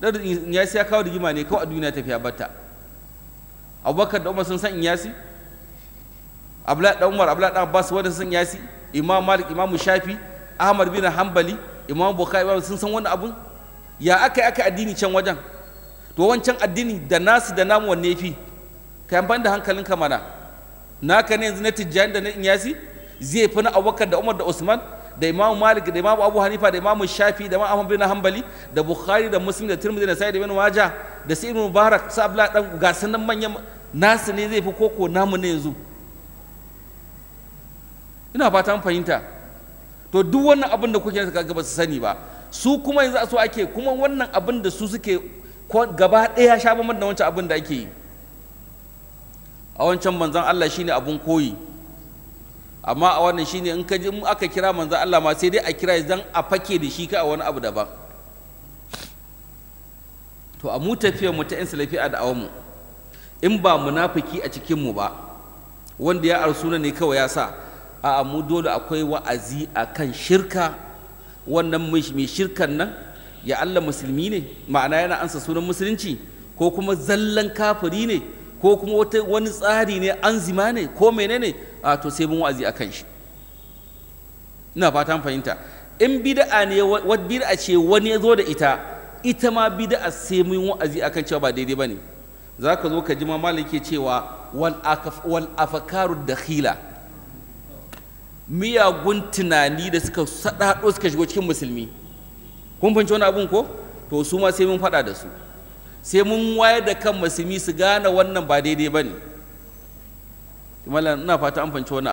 dan in yasi ya kawo rigima ne kawai a duniya tafiya bata abubakar da umar sun san in yasi abla da umar abla da abbas wanda sun yasi imam malik imam shafi ahmad bin hanbali imam bukhari sun san wani abun ya aka aka addini can wajen to wancan addini da nasu da namu wanne fi ka ban da ka mana naka ne yanzu na tijjani da na yasi zai fi na abubakar da umar da usman da Imam Malik da Imam Abu Hanifa da Imam Shafi da Imam Ahmad bin Hanbali da Bukhari da Muslim da Tirmidhi da Sa'id bin Waja da Sa'id bin Mubarak sa abla dan ga sanan manyan nasu ne zai fi koko namu ne yanzu ina fatan fahimta to duk wannan abin da kuke ga ba su sani ba su kuma yanzu a so ake kuma wannan abin da su suke gaba ɗaya sha bamban da wancan abin da ake yi a wancan manzon Allah shine abun koyi amma a wannan shine in ka ji in aka kira manzo Allah ma sai dai a kira dan a fake da shi ka a wani abu daban to a mu tafiyar mu ta yan a da mu in ba munafiki a cikin mu ba wanda ya arsuna ne kawai ya sa a mu dole akwai wa'azi akan shirka wannan mai shirkan nan ya Allah musulmi ne ma'ana yana ansa sunan musulunci ko kuma zallan kafiri ne ko kuma wata wani tsari ne an zima ne ko menene a to sai mun wa'azi akan shi ina fatan fahimta in bid'a ne wat bid'a ce wani ya zo da ita ita ma bid'a sai mun wa'azi akan cewa ba daidai bane za ka zo ka ji ma ke cewa wal afakaru dakhila miyagun tunani da suka sadado suka shigo cikin musulmi kun fahimci wani abun ko to su ma sai mun faɗa da su sai mun wayar da kan musulmi su gane wannan ba daidai ba ne ina fata an fanci